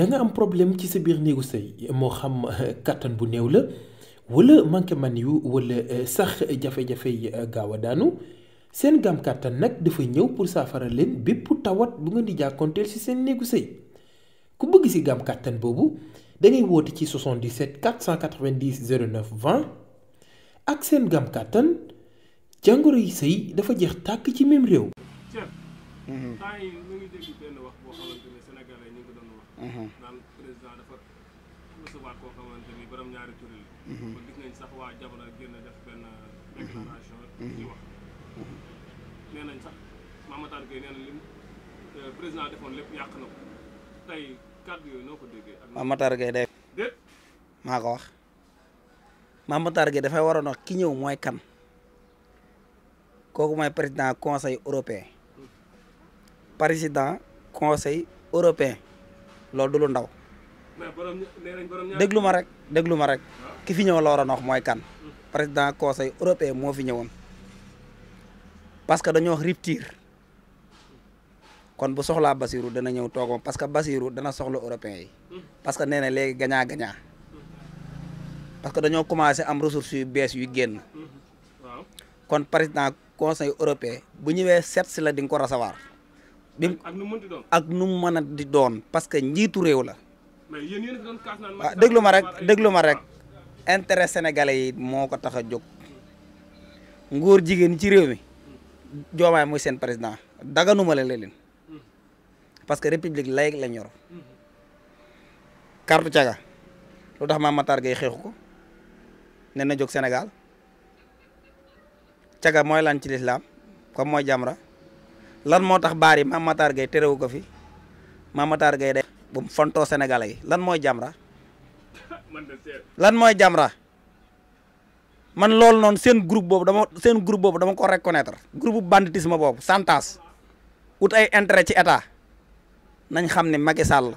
da nga am problème ci sa biir néegu sëy moo xam kàttan bu néew la wala manqué man yu wala euh, sax jafe-jafe yi euh, gaaw a daanu seen gam kàttan nag dafa ñëw pour saafara leen bépp tawat bu nga di jàkkoonteel ci seen néegu sëy ku bëgg ci gam kàttan boobu da ngay woote ci 77 490 09 20 ak seen gam kàttan jàngoro yi sëy dafa jeex tàkk ci même réew. Mhm. Mm-hmm. naan président dafa recevoir koo xamante ni borom mm-hmm. mm-hmm. wax nee nañ sax Mamadou euh, wax Mamadou Gueye dafay waroon wax ki ñëw mooy kan kooku mooy président conseil européen mm. président conseil européen. loolu dulu lu ndaw deglu ma rek deglu ma rek ki fi ñew la waroon wax moy kan président conseil européen mo fi ñewon parce que dañu wax rupture kon bu soxla Basirou dana ñew togo parce que Basirou dana soxla européen yi parce que néna légui gaña gaña parce que dañu commencé am ressources yu bes yu genn kon président conseil européen bu ñewé seet ci la di ko recevoir bi ak nu mu mënti doon ak nu mën di doon parce que njitu rew la. mais yéen yéen a doon kaas naan. Ah, waaw déglu rek déglu rek intérêt sénégalais yi moko taxa jog ngor jigen ci rew mi jomay moy sen président daganuma la leen parce que république laïque la ñor carte tiaga lu tax Mame Matar gay xeexu ko ne na Sénégal tiaga moy lan ci l'islam comme moy jamra lan mo tax baar yi Mame Matar Gueye terewu ko fi Mame Matar day bu fonto Sénégalais lan moy Jamra lan moy Jamra man lol non sen groupe bobu dama sen groupe bobu dama ko reconnaître groupe banditisme bobu santas utai ay intérêt ci état nañ xam ne Macky Sall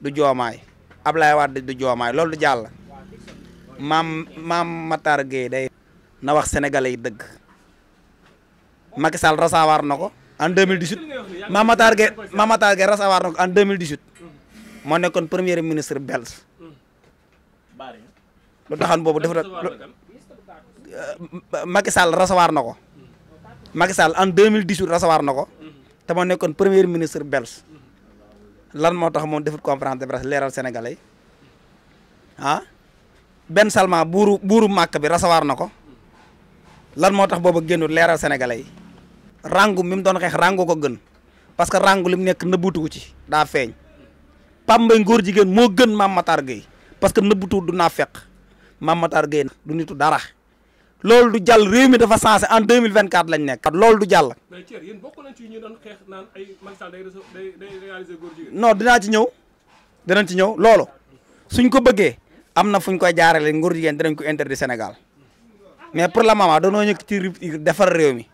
du jomay Ablaye Wade du jomay lolou du jall mam mam Matar gay day na wax sénégalais deug Macky Sall recevoir na ko en 2018 Mame Matar Gueye Mame Matar Gueye recevoir na ko en 2018 moo nekkoon premier ministre Belge lu taxan boobu def euh, Macky Sall recevoir na ko Macky Sall en 2018 recevoir na ko te moo nekkoon premier ministre Belge lan moo tax moo defut conférence de presse leeral sénégalais ah benn Salma buuru buuru màkk bi recevoir na ko lan moo tax boobu génnul leeral sénégalais rangu mim don xex rangu ko gën parce que rangu lim nek nekk nëbbutuwu ci daa feeñ pambay ngor jigen mo gën mam Matar gay parce que nëbbutuwu du na feq mam Matar gay du nitu dara lolou du jall réew mi dafa sensé en 2024 lañ nek lolou du jall mais Thierry yeen bokku nañ ci ñu don xex naan ay man sal day day réaliser góor jigen non dina ci ñew dina ci ñew lolou suñ ko bëggee amna fuñ koy jaarale ngor jigen dinañ ko interdit Sénégal mais pour la le moment no ñëk ci defar réew mi.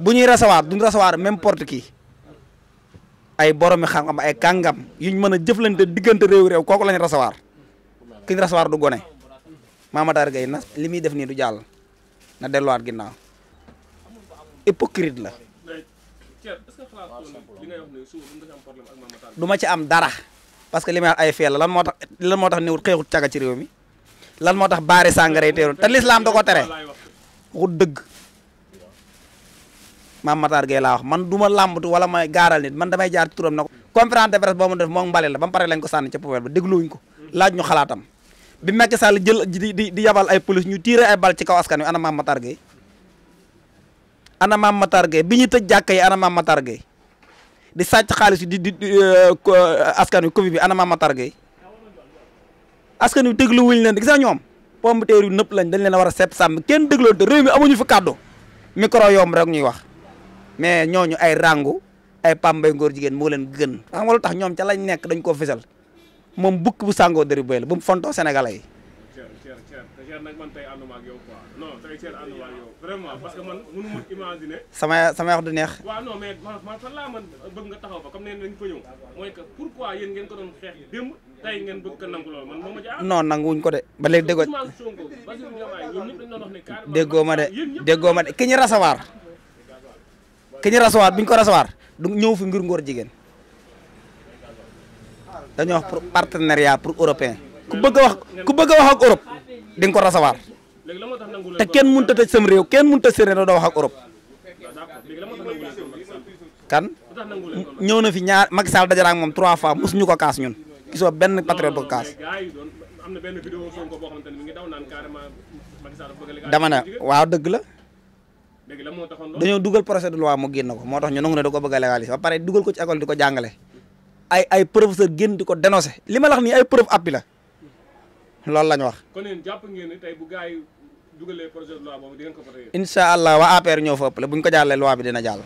bu ñuy recevoir duñ recevoir n'importe qui ay boromi xam ay kàngam yuñ mën a jëflante diggante réew réew kooku lañu recevoir ki ñu du gone Mamadou Gueye na li muy def nii du jàll na delluwaat ginnaaw hypocrite la duma ci am dara parce que li may ay feel la lan moo tax lan moo tax néewut xeexut caga ci réew mi lan moo tax baari sàngara yi teewul te lislaam da tere waxut dëgg maam Matar Gueye wax man du ma làmbatu wala may gaaral nit man damay jaar ci turam na ko conférence de presse boo mu def moom mbale la ba mu pare lañ ko sànni ca poubelle ba dégluwuñ ko laaj ñu xalaatam bi Macky Sall jël di di yabal ay police ñu tiire ay bal ci kaw askan wi ana maam bi ñu tëj jàkka yi ana maam Matar di sàcc xaalis di di euh, euh, askan wi Covid bi ana maam Matar Gueye askan wi dégluwuñ leen gis nga ñoom pomme de terre yu nëpp lañ dañ leen a war a sepp sàmm kenn dégloo te réew mi ñu fi kàddu micro yoom rek ñuy wax. mais ñoñu ay rangu ay pambe ngor jigen mo len gën xam nga tax ñoom lañ nekk dañ ko fessel mom bukk bu sango dëri boy la bu fonto sénégalais yi sama sama Sama-sama ne dañ ko ñëw mooy que pourquoi yéen ngeen ko doon xeex démb tey ngeen bëgg ko nangu loolu man moo de ba ma de ma de ki ñu recevoir bi dung ko recevoir du ñëw fi ngir ngóor jigen dañoo wax partenariat pour européen ku bëgg wax ku bëgg wax ak Europe di ko recevoir te kenn mënut a tëj sam réew ken mënut a sëñ doo wax kan ñëw na fi ñaar Macky Sall dajara ak moom trois fois mosuñu ko kaas ñun ben patriote bu dama na waaw dëgg la. dañoo dugal projet de loi mu génn ko moo tax ñu nangu ne da ko bëgg a légaliser ba pare dugal ko ci école di ko jàngale ay ay professeur génn di ko dénoncé li ma la wax nii ay preuve appui la loolu la ñu wax. kon ko voté. incha allah wa APR ñoo fa ëppale bu ñu ko jàllalee loi bi dina jàll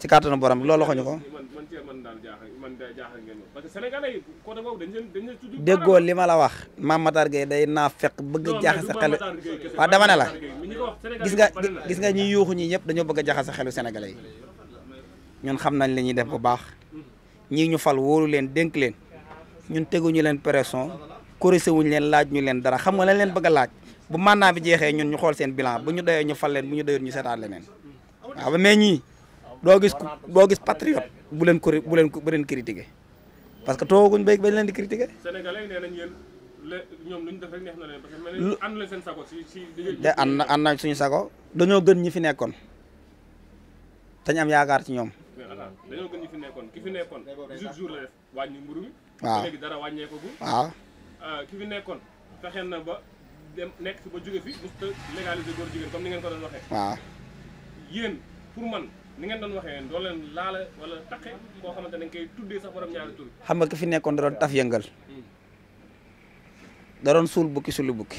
ci kàttanu borom bi loolu ko. man cee ma déggoo li ma la wax maam matarge day naa fekk bëgg a jaaxal xelu waaw dama la gis nga gis nga ñi yuuxu ñi ñëpp dañoo bëgg a jaaxal sa xelu sénégalais yi ñun xam nañ li ñuy def bu baax ñii ñu fal wóolu leen dénk leen ñun teguñu leen pression corrigé wuñ leen laaj ñu leen dara xam nga lañ leen bëgg a laaj bu mandat bi jeexee ñun ñu xool seen bilan bu ñu doyee ñu fal leen bu ñu doyee ñu seetaat leneen waaw mais ñii doo gis doo bu leen ko bu leen bu leen critiquer parce que tooguñ ba bañ leen di critiquer. Sénégalais yi nee nañ yéen ñoom lu ñu def rek neex na leen parce que ànd na seen sago si si. te ànd na ànd na suñu sago dañoo gën ñi fi nekkoon dañ am yaakaar ci ñoom. dañoo gën ñi fi nekkoon ki fi nekkoon. dix jours la def wàññi mburu mi. waaw léegi dara wàññeeku ko. waaw ah, ki fi nekkoon fexe na ba dem nekk fi ba jóge fi juste légaliser góor jigéen comme ni ngeen ko doon waxee. waaw yéen pour man. ni ngeen doon waxee doo leen laala wala taqe koo xamante ne ngay tuddee sax borom ñaari tur xam nga ki fi nekkoon da doon taf yëngal da doon suul bukki sulu bukki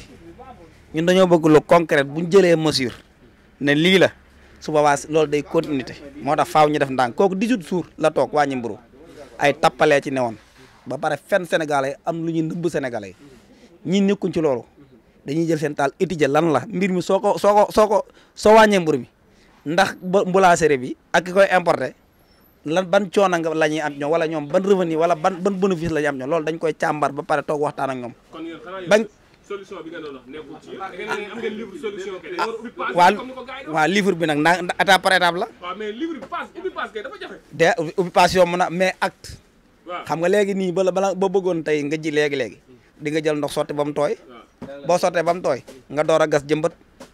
ñun dañoo bëgg lu concret buñ jëlee mesure ne lii la su boobaa loolu day continuité moo tax faaw ñu def ndànk kooku 18 jours la toog wàññi mburu ay tappalee ci newoon ba pare fenn sénégalais am lu nëbb sénégalais ñi nekkuñ ci loolu dañuy jël seen taal étudier lan la mbir mi soo ko soo ko soo ko soo mi ndax mbulaasere bi ak koy importer lan ban choona nga lañuy am ñoo wala ñoom ban revenu wala ban ban bénéfice la ñuy am ñoom loolu dañ koy chambar ba paré tok waxtaan ak ñoom. ban solution bi nga doon wax nekkul ci am ngeen livre solution ke war ubbi pass comme ni ko gaay waaw livre bi nak naa étape par étape la wa mais livre bi pass ubi pass kay dafa jafe dé ubi pass yo mëna mais acte xam nga légui ni ba bala ba bëggoon tay nga ji légui légui di nga jël ndox sotti bam toy bo boo bam toy nga doora gas jëmbat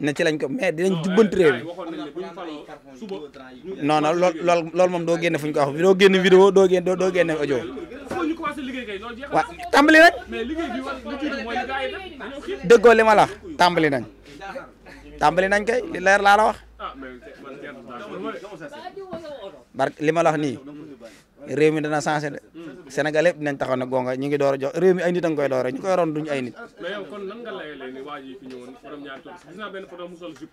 na ci lañ ko mais dinañ jubbanti eh, réew mi non non lool lool loolu moom doo génne fu ko wax doo génne vidéo doo génne doo génne audio waaw tàmbali nag dëggoo nañ tàmbali nañ kay li leer laa la wax ah, barke li réew dana sansé de Sénégal dinañ taxone gonga ñi ngi door jox réew ay nit a koy door ñu koy ron duñ ay nit. mais yow kon nan nga lay lay ni waji fi ñewon param ñaar toog gis na ben photo mu sol jupe.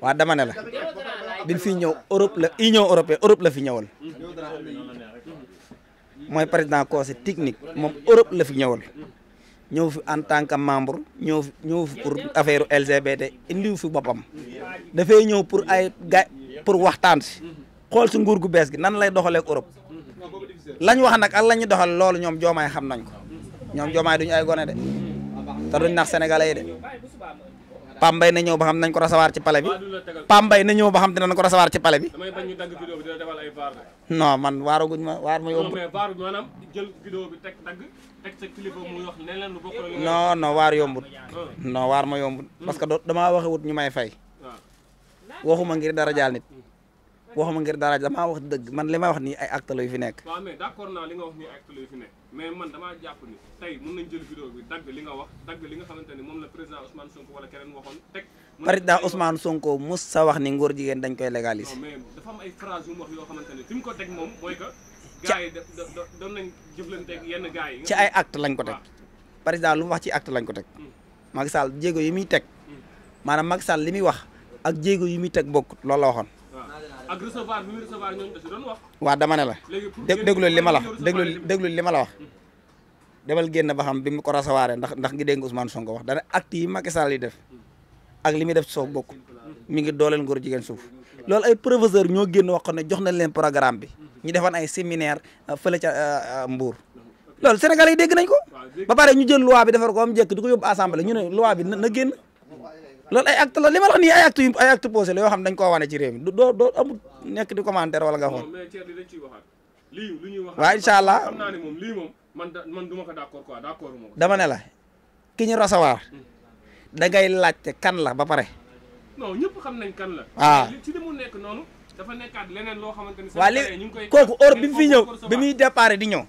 waaw dama ne la biñ fi ñew Europe la Union européenne Europe la fi ñewal moy président conseil technique mom Europe la fi ñewal ñew fi en tant que membre ñew ñew fi pour affaire LGBT indi fi bopam da fay ñew pour ay pour waxtan si xool si nguur gu bes gi nan lay doxalee Europe. lañ wax nag ak la ñu doxal loolu ñoom joomaay xam nañ ko ñoom joomaay duñ ay gone de ta duñ nax sénégalais yi de pambay na ñëw ba xam nañ ko recevoir ci pale bi pambay na ñëw ba xam dinañ ko recevoir ci palais bi non man waaruguñ ma waar ma yóbbu non non waar yombut ah. waar ma yombut parce que doo hmm. damaa waxewut ñu may fay ah. waxuma ngir dara jaal nit waxuma ngir dara damaa wax dëgg man li ma wax nii ay acte la yu fi nekk. waaw mais d'accord naa la fi nekk mais man damaa jàpp ni tey mën nañ jël vidéo bi ni moom la président Ousmane Sonko wala keneen waxoon sa wax ni ngóor jigéen dañ koy légaliser. non mais dafa am ay phrase yu ko teg moom mooy ci ay acte lañ ko teg. président lu mu wax ci acte lañ ko teg. Hmm. Macky Sall jéego yi muy teg. Hmm. maanaam Macky Sall li muy wax ak jéego yi muy teg bokkut loolu la waxoon ak recevoir bi muy dama ne la. léegi pour déglu li ma la wax déglu déglu li ma la wax. demal génn ba xam bi mu ko recevoir ndax ndax ngi dégg Ousmane Sonko wax dana acte yi Macky Sall yi def ak li muy def soo bokk mi ngi dooleel ngóor jigéen suuf loolu ay professeur ñoo génn wax ko ne jox nañ leen programme bi ñu defoon ay séminaire euh, fële ca euh, euh, Mbour. loolu Sénégalais yi dégg nañ ko ba pare ñu jël loi bi defar ko am njëkk yóbbu assemblée ñu ne loi bi na génn. loolu ay acte la li ma wax nii ay acte yu ay acte posé la yoo xam dañ ko wone ci réew mi do doo amul nekk di commentaire wala nga xool. lii lu ñuy wax waaw incha allah xam naa ne moom lii man man duma ko d'accord quoi d'accord mo dama ne la ki ñu recevoir hmm. da ngay laajte kan la ba paré non ñepp xam nañ kan la. Ah. ci limu nek nonu dafa nekkat leneen loo xamante ni. waaw koy koku Europe bi fi ñew bi mi départ di ñew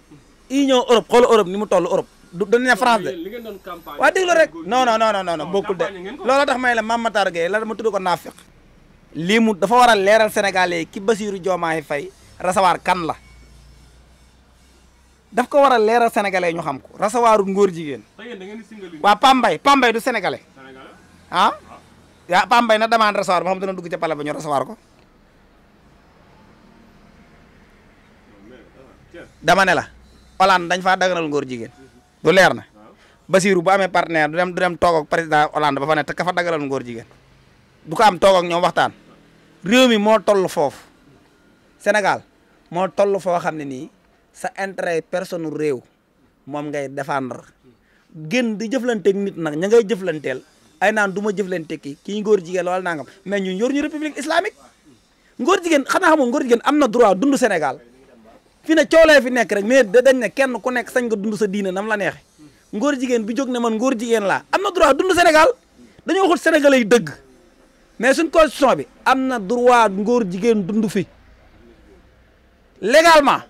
i ñew Europe xol Europe ni mu toll Europe. Dunia ne France de waa déglu rek non non non non non bokkul de looloo tax may la Mame Matar Gueye la ma tudd ko naafiq lii mu dafa war a Sénégalais ki Bassirou Diomaye Faye recevoir kan la daf ko war a sénégalais ñu xam ko recevoirul ngóor jigéen waa Pambay Pambay du sénégalais ah ya Pambay na demande recevoir ba xam dina dugg ca pale ba ñu recevoir ko euh, dama ne la dañ du leer na basiru bu amé partenaire du dem du dem tok ak président Hollande ba fa né te ka fa dagalon ngor jigen du ko am tok ak ñom waxtaan réew mi mo toll fof Sénégal mo toll fo ni sa intérêt personne réew mom ngay défendre gën di jëflanteeg nit nak ña ngay jëflantel ay naan duma jëflanté ki ki ngor jigen lol nangam mais ñun yor ñu république islamique ngor jigen xana xamoo ngor jigen amna droit dundu Sénégal fi ne coolee fi nekk rek mais dañ na kenn ku nekk sañ nga dund sa diine nam la neexe ngóor jigéen bi jóg ne man ngóor jigéen laa am na droit dund Sénégal dañoo waxul sénégalais yi dëgg mais suñ constitution bi am na droit ngóor jigéen dund fi légalement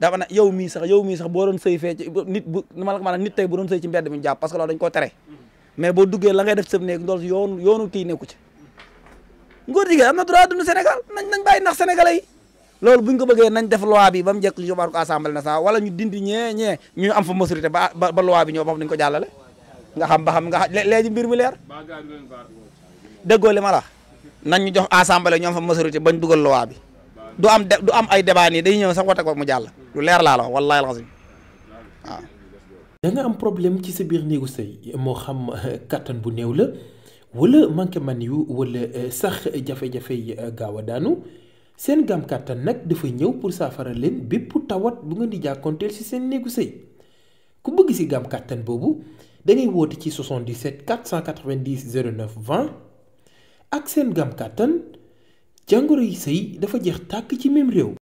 dafa na yow mii sax yow mii sax boo doon sëy fee ci nit bu ma la ko maanaam nit bu doon sëy ci mbedd mi jàpp parce que loolu dañ tere mais boo duggee la ngay def sëb néeg ndool yoonu yoonu kii nekku ci ngor diga amna droit du senegal nañ nañ bàyyi nax senegalay lol buñ ko bëggee nañ def loi bi ba mu jekk ñu yóbbaar ko assemblée nationale wala ñu dindi ñe ñe ñu am fa majorité ba ba loi bi ñoo bam dañ ko jàllale nga xam ba xam nga léegi mbir mi leer déggoo li nañ ñu jox assemblée ñoo fa majorité bañ duggal loi bi du am du am ay débat ni day ñëw sax wata ko mu jall lu leer la la wallahi alazim da nga am problème ci sa bir négocier mo xam kattan bu neew la wala manqué man yu wala euh, sax jafe-jafe yi euh, gaaw a daanu seen gam kàttan nag dafa ñëw pour saafara leen bépp tawat bu ngeen di jàkkoonteel ci seen néegu sëy ku bëgg ci gam kàttan boobu da ngay woote ci 77 490 09 20 ak seen gam kàttan jàngoro yi sëy dafa jeex tàkk ci même réew.